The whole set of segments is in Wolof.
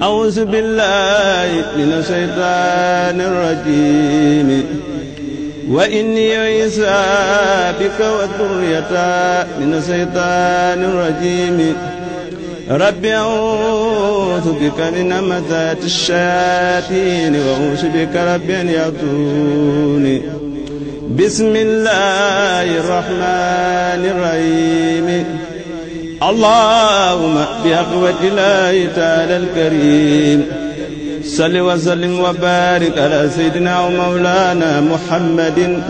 أعوذ بالله من الشيطان الرجيم وإني عيسى بك وذريتا من الشيطان الرجيم رب أعوذ بك من همزات الشياطين وأعوذ بك رب أن يعطوني بسم الله الرحمن الرحيم allahumma bi aqwati laahi taala alkarim salli wa sallim wa barik ala sayyidina wa mawlana muhammadin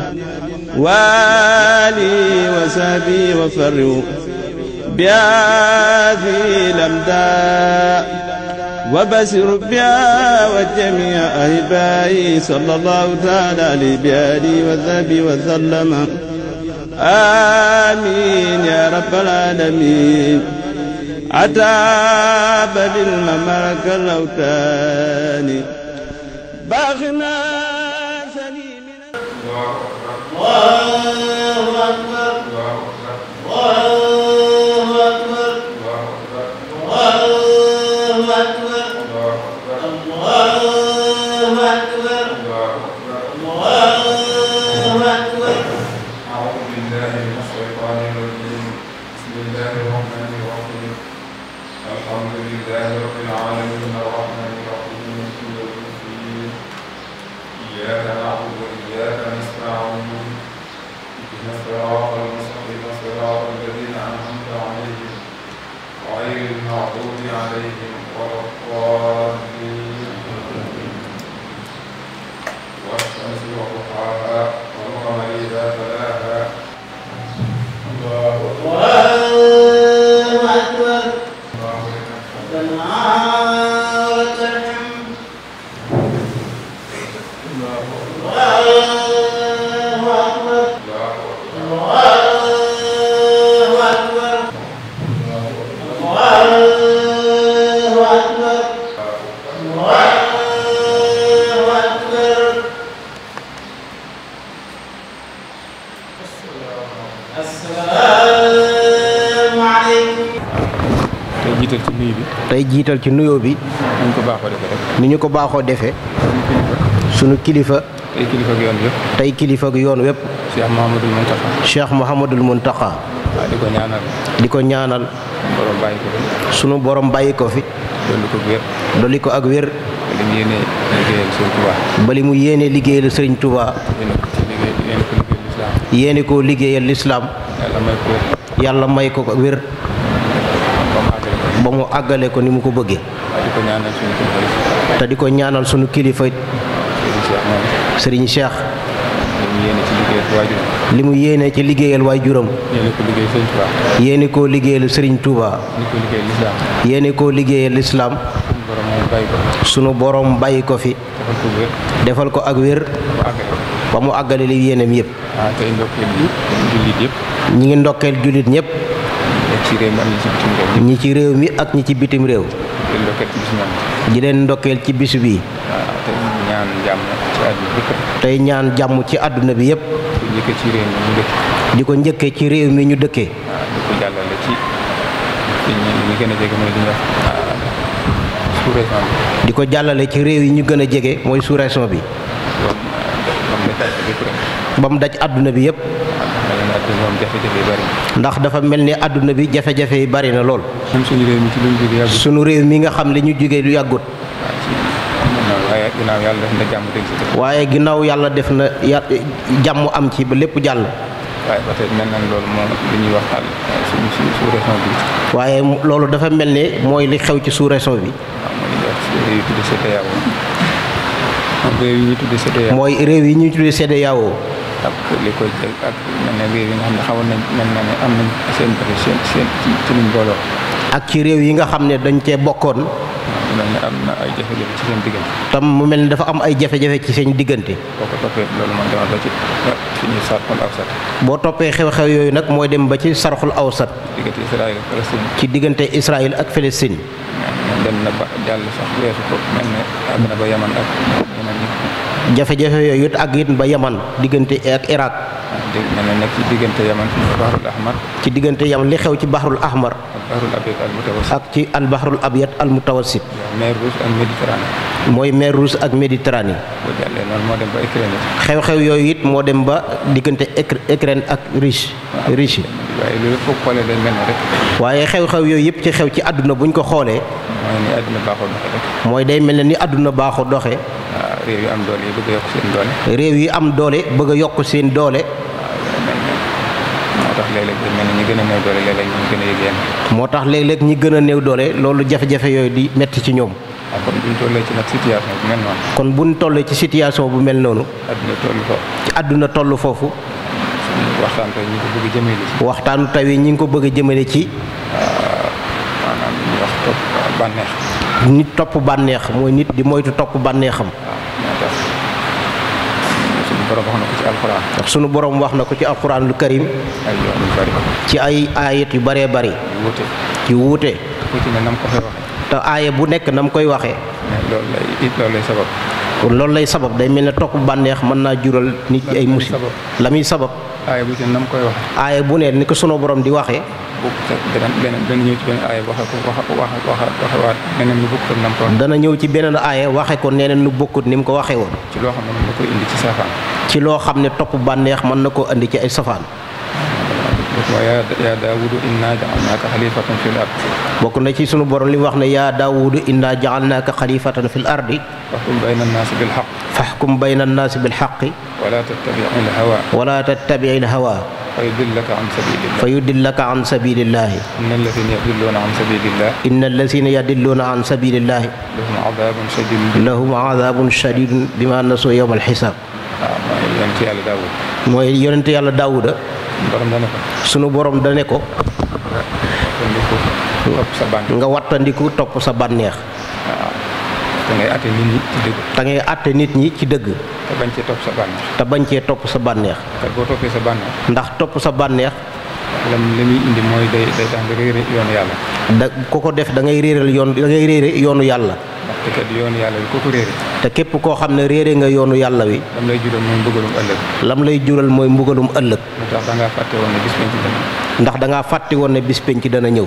wa alihi wa sahbihi wa farriu biaasi lamda wa basiru biha wa jamia ahibaayi sallallahu taala alayhi bi alihi wa sahbihi wa sallama آمين يا رب العالمين عتاب بالمملكة الأوتان باغنا سليم الله أكبر الله أكبر jiital bi. tey jiital ci nuyoo bi. ni ñu ko baaxoo defee rek. ni ñu ko baaxoo defe sunu kilifa. tey kilifa yoon yëpp. tey kilifa ak yoon yëpp. Cheikh Mouhamadul Mountakha. Cheikh di ko ñaanal. borom bàyyi ko fi. sunu borom bàyyi ko fi. dolli ko ak wér. dolli bali mu yéene liggéeyal Serigne Touba. yéene ko liggéeyal lislaam. yàlla may ko. ko ak wér. mu àggale ko ni mu ko bëggee te di ko ñaanal sunu kilifa sëriñ Cheikh li mu yéene ci liggéeyal waajuram yéene koo liggéeyal sëriñ Touba yéene koo liggéeyal lislaam sunu borom bàyyi ko fi defal ko ak wér ba mu àggale li yéeneem ah, yépp ñi ngi ndokkeel jullit ñépp ci réew mi ñi ci réew. mi ak ñi ci bitim réew. di leen ndokkeel ci bisu bii. tey ñaan jàmm ci àdduna bi yépp di ko njëkkee ci réew mi ñu dëkkee. di ko jàllale ci réew yi ñu gën a jege mooy sous bi. ba mu daj àdduna bi yépp ak ñoom ndax dafa mel ni àdduna bi jafe-jafe yi bari na lool. même suñu réew mi suñu réew mi nga xam li ñu jógee yàggut. waaye ginnaaw yàlla def na jàmm dégg waaye ginnaaw yàlla def na jàmm am ci ba lépp jàll. waaye mel na loolu moom ñuy wax daal loolu dafa mel ni mooy li xew ci sous-région bi. mooy réew yi ñuy tuddee CEDEAO. mooy réew yi ñuy tuddee CEDEAO. ak li réew yi nga xam ne xawoon nañ mel na am nañ seen bëri ci ak ci réew yi nga xam ne dañ cee bokkoon. mu mel ne tam mu mel ni dafa am ay jafe-jafe ci seen diggante. boo ko toppee loolu mooy ah, boo toppee xew-xew yooyu nag mooy dem ba ci sarxul awsat. diggante Israël ci diggante Israël ak Palestine. dem na ba jàll sax weesu ne na ba Yaman ak jafe-jafe yooyu it ak it ba yaman diggante ak Irak. ci diggante yaman ci diggante yaman li xew ci Bahrul Ahmar. ak ci al Bahrul Abyad al Mutawassit. mer Rouge ak Méditerranée. mooy mer Rouge ak Méditerranée. xew-xew yooyu it moo dem ba diggante Ukraine ak Russie. Russie. waaye xew-xew yooyu yëpp ci xew ci àdduna buñ ko xoolee. mooy day mel na ni àdduna baaxoo doxe réew yu am doole yi bëgg a yokk seen doole. réew yi am doole bëgg a yokk seen doole. moo tax léeg-léeg ni ñi gën a néew doole léeg-léeg ñu gën moo tax léeg-léeg ñi gën a néew doole loolu jafe-jafe yooyu di metti ci ñoom. Ah, kon buñ ci nag situation bu mel noonu. kon buñ tollee ci situation bu mel noonu. àdduna toll foofu. ci àdduna toll foofu. waxtaan tey ñi ngi ko bëgg a ci. waxtaanu taw ñi ngi ko bëgg a ci. Ah, maanaam li ñuy wax nit topp bànneex mooy nit di moytu topp bànneexam. Ah. borom wax na ko ci alquran. sunu boroom wax na ko ci alquranul karim. ci ay aayat yu bëree bari ci wuute. te aaya bu nekk nam koy waxee. loolu lay sabab. loolu lay sabab day mel na topp bànneex mën naa jural nit ay musib la sabab aaya bu ne koy wax aaya bu ne ni ko sunu borom di waxee dana ñëw ci beneen aaya waxe ko neneen nu bokkut ni mu ko waxee woon ci loo xam ne topp bànneex mën na koo indi ci ay safaan wa yaa yaa daawudu inna jaalnaaka xalifatan fil ard bokk na ci sunu borom li wax ne yaa daawudu inna jaalnaaka xalifatan fil ardi faxkum bayna annaasi bil xaq faxkum bayna annaasi bil xaqi wala tattabici l hawa wala tattabici l hawa fa yudillaka an sabilillah fa yudillaka an sabilillahi inna alladina yadilluuna an sabilillah inna alladina yadilluuna an sabilillahi lahum adabun shadidun lahum adabun shadidun bima nasu yowma alxisaab waaw ah, mooy yonente yàlla daawuda mooy yonente yàlla daawuda sunu borom da ne ko nga wattandiku topp sa bànneex da ngay àtte nit ngay àtte nit ñi ci dëgg. te cee topp sa te bañ cee topp sa bànneex. te boo toppee sa bànneex. ndax topp sa bànneex. lam li muy indi mooy day day tax nga réere yoonu yàlla. da ku ko def da ngay réeral yoon da ngay réere yoonu yàlla. te yàlla wi te képp koo xam ne réere nga yoonu yàlla wi. lam lay jural mooy mbugalum ëllëg. lay jural mooy mbugalum ëllëg. ndax da ngaa fàtte woon na bis penc dana ñëw. ndax da ngaa woon ne bis penc dana ñëw.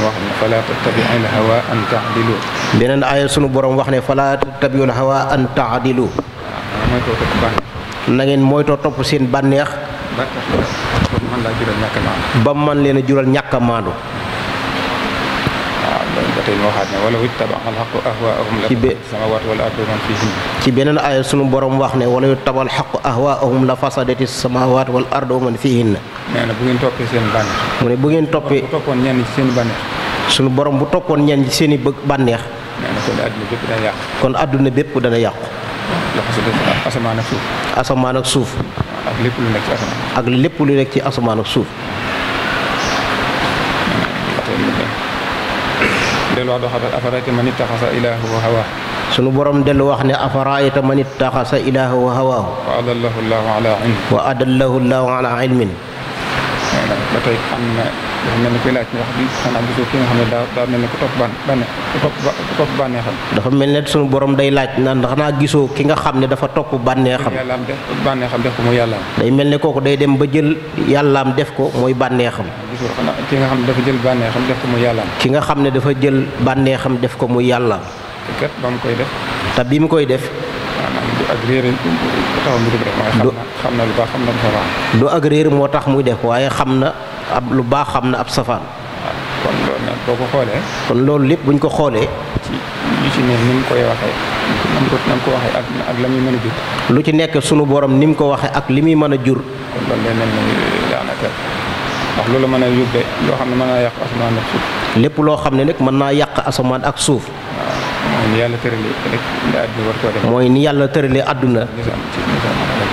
wax ne fala tattabi'ul hawa an ta'dilu. beneen aaya sunu borom wax ne fala tattabi'ul hawa an ta'dilu. na moytoo topp seen bànneex. ba man laa jural leen a jural ñàkk a maandu. ba tey mu waxaat ne wala yuttaba'al haqqu ahwaa'ahum la fasadati samaawaatu wal ardu man fiihinna ci beneen aaya sunu borom wax ne wala yuttaba'al wal ardu man fiihinna nee na bu ngeen toppee seen bànneex mu ne bu ngeen toppee bu toppoon ñenn ci seen bànneex sunu borom bu toppoon ñenn ci seen i bëgg bànneex nee na kon adduna bépp dana yàqu kon adduna bépp asamaan ak suuf asamaan ak suuf ak ak lépp lu nekk ci asamaan ak suuf dellu wax doxatal afaraayta man ittaxasa ilaahu wa hawaa sunu borom dellu wax ne afaraayta man ittaxasa ilaahu wa hawaahu wa adallahu llaahu ala ilmin wa adallahu llaahu ala ilmin ba tey am na dafa mel ni kuy laaj wax bi maanaam gisoo dafa mel ne suñu borom day laaj naan naa gisoo ki nga xam ne dafa topp bànneexam yàllaam def bànneexam def ko muy yàllaam day mel ne kooku day dem ba jël yàllaam def ko mooy bànneexam gisoo ki nga xam ne dafa jël bànneexam def ko muy yàllaam ki nga xam ne dafa jël bànneexam def ko muy yàllaam kat ba mu koy def te bi mu koy def ak réer du ak réer moo tax muy def waaye xam na ab lu baax xam na ab safaan. kon loolu nag boo ko xoolee. kon loolu lépp buñ ko xoolee. ci koy waxee. ko na mu mën a jur. lu ci nekk sunu borom ni mu ko waxee ak li muy mën a jur. kon loolu mën a yóbbee loo xam ne mën naa yàq asamaan ak suuf. lépp loo xam ne nag mën naa yàq asamaan ak suuf. mooy ni yàlla tëralee mooy yàlla tëralee àdduna.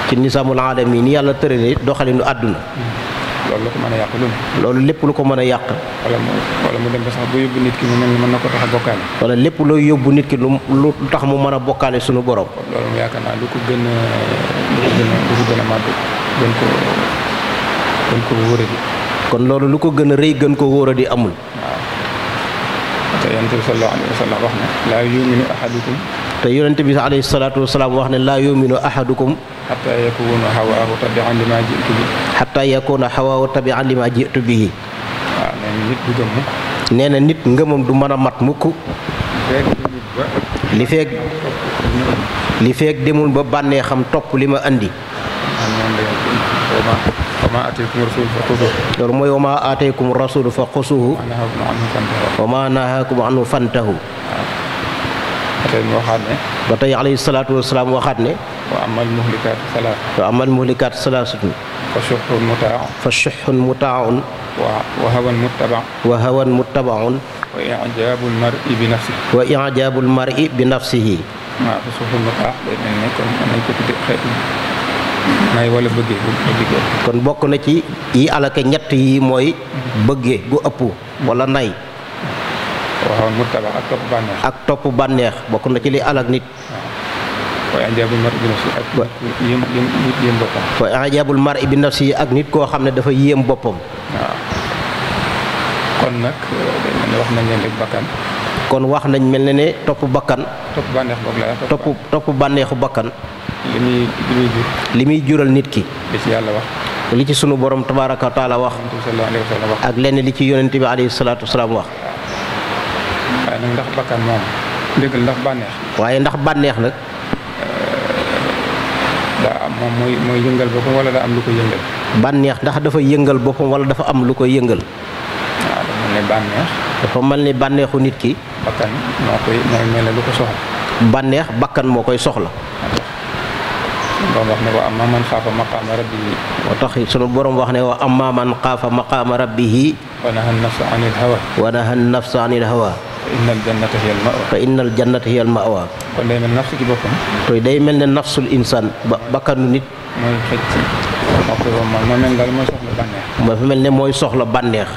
ci nisaamul aalamiin ni yàlla tëralee doxalinu àdduna. Hmm. loolu lu ko mën a yàq lu loolu lépp lu ko mën a yàq wala mu wala mu dem ba sax bu yóbbu nit ki mu mel ni mën na ko tax a bokkaale wala lépp looy yóbbu nit ki lu lu tax mu mën a bokkaale suñu borom loolu mu lu ko gën a ko gën a lu a ko gën ko wóor a loolu lu ko gën a rëy gën ko wóor a di amul waaw te yonent bi sallallahu alayhi wa wax ne laa yuminu ahadukum te yonent bi alayhi salaatu wasalaam wax ne laa yuminu ahadukum xataa yakuna xawaahu tabian li ma jitu bi xataa yakuna ah, nit du du mën a mat mukk li feeg li feeg demul ba bànnee xam topp li ma andi ah, loolu mooy wa maa fa xusuhu wa maa nahaakum anhu fantahu ah. ba tey waxaat waxaat ne wa amal muhlikaatu salaas. wa amal muhlikaatu salaasatun. fa shuhun mutaaun. wa wa hawan muttabaun. wa hawan muttabaun. wa ijaabul mar'i bi nafsihi. wa mar'i bi nafsihi. waaw kon wala bëggee bokk na ci yi alaka ñett yi mooy. bëggee gu ëpp. wala nay. waaw muttaba ak topp bànneex. ak topp bànneex bokk na ci li alak nit. wa ajabul mar bi nafsi ak yéem nit yéem boppam. wa ajabul ak nit koo xam ne dafa yéem boppam. kon nag eh, wax nañ leen bakkan. kon wax nañ mel ne ne topp bakkan. topp bànneexu bopp bakkan. li muy jural nit ki. li ci ci sunu boroom tabaaraka wa taala wax. ak lenn li ci yonent bi alayhi salaatu wa salaam wax. waaye ndax bànneex. waaye moom mooy mooy yëngal boppam wala daa am lu ko yëngal. bànneex ndax dafa yëngal boppam wala dafa am lu ko yëngal. waaw ah, dafa mel ni bànneex. bànneexu nit ki. bakkan moo koy mel ne lu ko soxla. bànneex bakkan moo koy soxla. borom wax ne wa amma man xaafa maqaama a moo tax sunu borom wax ne wa amma man xaafa maqaama rabbihi. wa naha nafsa anil hawa. wa naha nafsa innal jannata hiya al ma'wa fa innal day mel nafsu ci boppam to ne ba bakkanu nit mooy xëcc mooy mel daal mel ne mooy soxla bànneex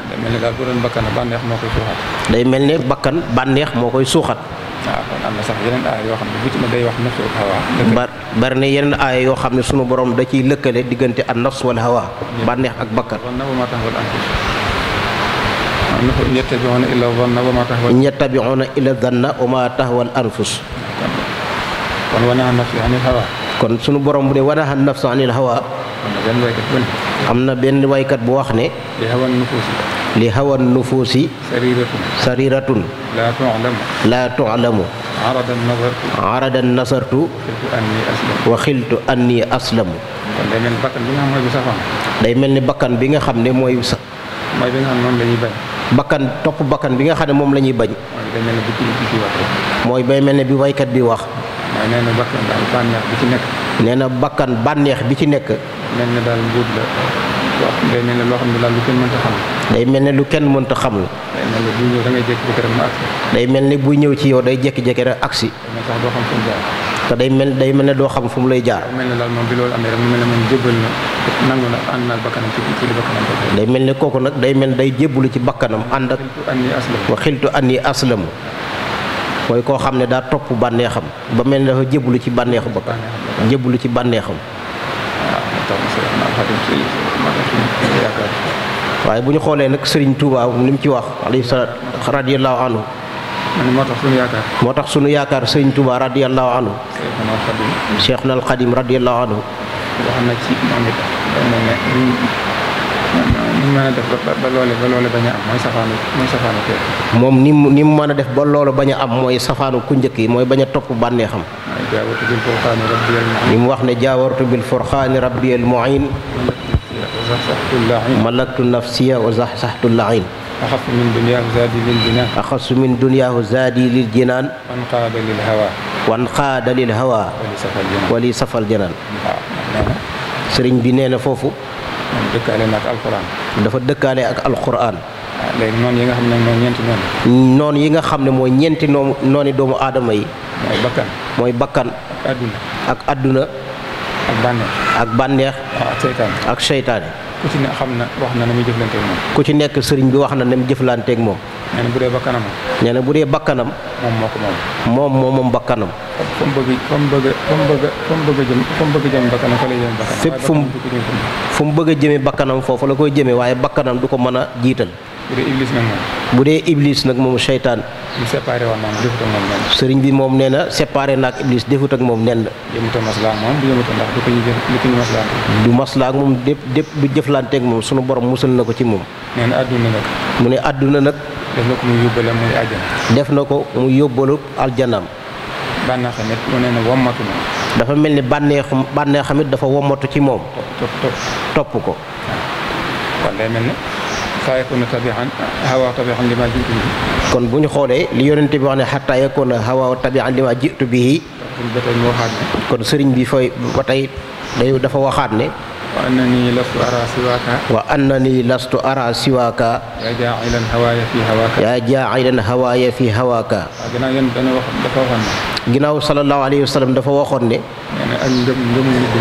day mel ne bakkan bànneex moo koy suuxat day mel ne bakkan bànneex moo koy suuxat ah, am na sax yeneen aaya yoo xam ne ma day wax nafsu bari na yeneen aaya yoo xam ne sunu boroom da ciy lëkkale diggante a nafs wal hawa bànneex ak bakkan yattabi'una illa dhanna wa ma tahwa kon sunu borom bu ne wanaha nafsu anil hawa am na benn waykat bu wax ne li hawan nufuusi li hawan nufuusi sariratun sariratun la tu'lamu la mel ni bakkan bi nga xam ne mooy safaan bi nga bakkan topp bakkan bi nga xam ne moom la ñuy bañ. mooy bay mel ne bi waykat bi wax. waaw nee na bakkan daal bi ci nekk. nee na bakkan bànneex bi ci nekk. mel na daal mbuut la mel ne loo xam ne daal lu kenn mënta xam. day mel ne lu kenn mënta xam la. day mel ne buy ñëw ci yow day jékki-jékki rek agsi. te day mel day mel ne doo xam fu mu lay jaar. mel ne daal moom bi loolu amee rek mu mel ne moom jébbal na nangu na day mel ne kooku nag day mel day jébbalu ci bakkanam ànd ak. wa xiltu anni aslamu mooy koo xam ne daal topp bànneexam ba mel ne dafa jébbalu ci bànneexu bakkan ci bànneexam. waaye bu ñu xoolee nag Serigne Touba li mu ci wax alayhi salaatu radiyallahu moo tax sunu yaakaar. tax sunu yaakaar sëñ tubaa radiyallahu anhu. Cheikhul Khadim radiyallahu anhu. wax na ci moom it moom mën ni mu ni mu mën a def ba loolu bañ a am mooy safaanu ku njëkk yi mooy bañ a topp bànneexam. ni mu wax ne jaawartu bil furqaani rabbiyal muin. malaktu nafsiya wa zaxzaxtu laayin axasu min dunyaahu zaadi lil jinaan axasu jinaan wan xaada lil hawa wan xaada lil hawa wali safal janaan sëriñ bi nee na foofu dëkkaale na dafa dëkkaale ak alxuraan léegi noonu yi nga xam ne mooy ñeenti noonu yi nga xam ne mooy ñeenti noonu nooni doomu aadama yi mooy bakkan mooy bakkan ak adduna ak adduna ak bànneex ak bànneex ak seytaane ku ci xam na wax na na muy jëflanteeg moom. ku ci nekk sëriñ bi wax na na mu jëflanteeg moom. nee bu dee bakkanam. nee na bu dee bakkanam. moom moo moom. moom moom bakkanam. fa bëgg fa mu bëgg fa bëgg fa mu bëgg jëm fa fépp fu mu fu bëgg a bakkanam foofu la koy jëmee waaye bakkanam du ko mën a jiital. bu dee iblis nag moom. bu nag moom seytaan. mu séparé woon moom defut ak sëriñ bi moom nee na séparé na ak iblis defut ak moom nen. moom du yëmuta ndax du ko ñu jëf du ko ñu maslaa. ak moom dépp dépp bu jëflanteeg moom sunu borom musal na ko ci moom. nee na àdduna nag. mu ne àdduna nag. def na ko mu yóbbale muy àjjana. def na ko mu yóbbalu aljanaam. bànneex xamit mu ne na wommatu moom. dafa mel ni bànneexu bànneex dafa womatu ci moom. topp ko. xaa yakoona tabian hawa tabian li ma kon bu ñu xoolee li yonente bi wax ne xataa yakoona hawa tabian li ma jiitu bihi kon ba tey mu waxaat ne kon sëriñ bi fay ba tey day dafa waxaat ne na annani lastu ara siwaaka wa annani lastu ara siwaaka yaa jaa'ilan hawaaya fi hawaaka yaa jaa'ilan hawaaya fi hawaaka ginnaaw yéen dana wax dafa waxoon ne ginnaaw sallallahu alayhi wa sallam ne nee na ak ngëm lim indi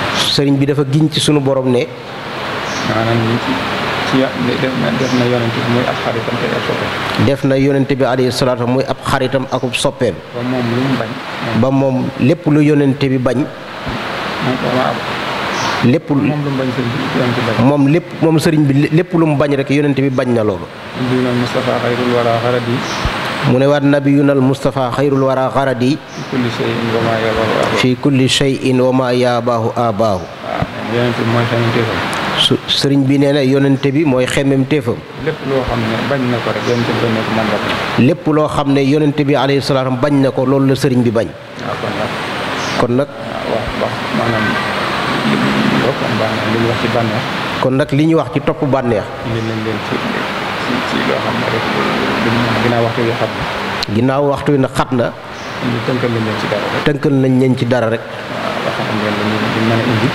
sëriñ bi dafa giñ ci sunu boroom ne. maanaam def na yonent bi muy ab ab muy ab xaritam ak ab soppeem. ba moom lu bañ. ba moom lépp lu yonent bi bañ. lépp moom lu mu moom lépp bi lépp lu mu bañ rek yonent bi bañ na loolu. mu ne waat nabiyuna al mustafa xayrul wara xaradi fi kulli shay'in wa ma yaabaahu aabaahu su sëriñ bi nee na yonente bi mooy xemmem téefam lépp loo xam ne bañ na ko bi bañ loo xam ne yonente bi alayhi salaam bañ na ko loolu la sëriñ bi bañ kon kon nag li ñu wax ci topp bànneex ci loo ginnaaw waxtu wi xat na. ginnaaw waxtu wi nag xat na. tënkal nañ leen ci dara rek. nañ leen ci dara rek.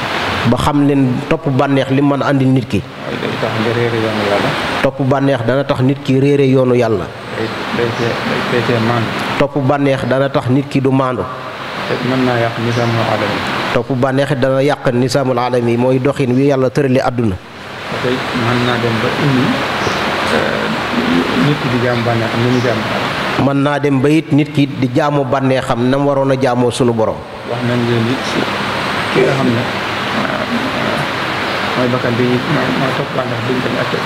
ba xam leen topp bànneex li mën a andi nit ki. day tax topp bànneex dana tax nit ki réere yoonu yàlla. day day maandu. topp bànneex dana tax nit ki du maandu. mën naa yàq nisaamul alami. topp bànneex dana yàq nisaamul alami mooy doxin wi yàlla tërali àdduna. nit ki di jaamu bànneex am na mu jaamu naa dem ba it nit ki di jaamu bànnee xam na mu waroon a jaamoo sunu borom. wax nañ leen it ki nga xam ne ah, mooy bakkan bi mooy topp bànneex bi ñu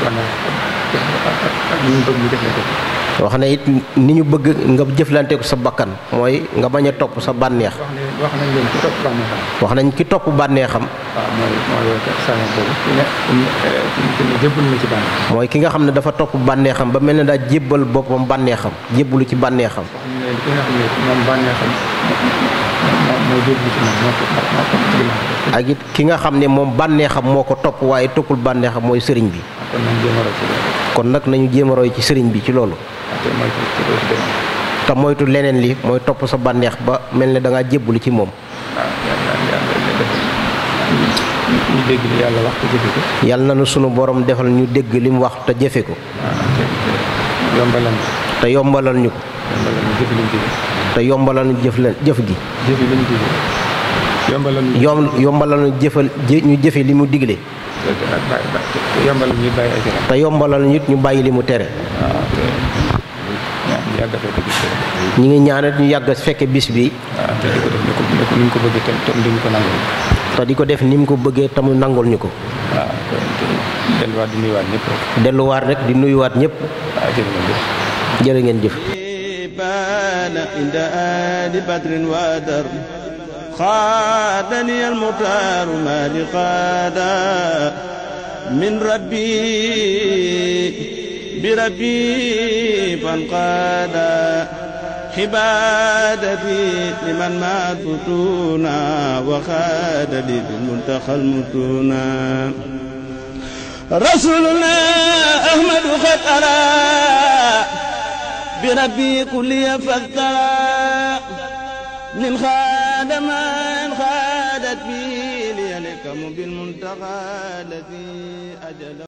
demee ak ñu ñu wax na it ni ñu bëgg nga jëflante sa bakkan mooy nga bañ a topp sa bànneex. wax ki topp bànneexam. wax ki mooy ki nga xam ne dafa topp bànneexam ba mel ne daal jébbal boppam bànneexam jébbalu ci bànneexam. bànneexam. ak it ki nga xam ne moom bànneexam moo ko topp waaye toppul bànneexam mooy sëriñ bi kon nag nañu jéem a ci sëriñ bi ci loolu te moytu leneen li mooy topp sa bànneex ba mel ne danga ngaa jébbali ci moom ñu dégg na nu sunu boroom defal ñu dégg li mu wax te jëfe ko. te yombalal ko. te yombalal ñu ko. te yombalal jëf la jëf gi. yombalal ñu ñu jëfal ñu jëfe li mu digle. te yombalal ñu ñu bàyyi li mu tere. Ah, ñu ngi ñaanal ñu yàgg fekk bis bi. te di ko def ni mu ko bëggee te mu ñu ko. Ah, delluwaat di nuyuwaat ñëpp rek. di nuyuwaat ñëpp. Ah, jërë ngeen jëf. كان عند آل بدر ودر خادني المختار ما لقادا من ربي بربي فانقادا عبادتي لمن ما تتونا وخاد لي بالمنتخى المتونا رسولنا أحمد قد أرى بربي كلي فاختار من خاد من خادت بي ليلكم بالمنتقى الذي أجل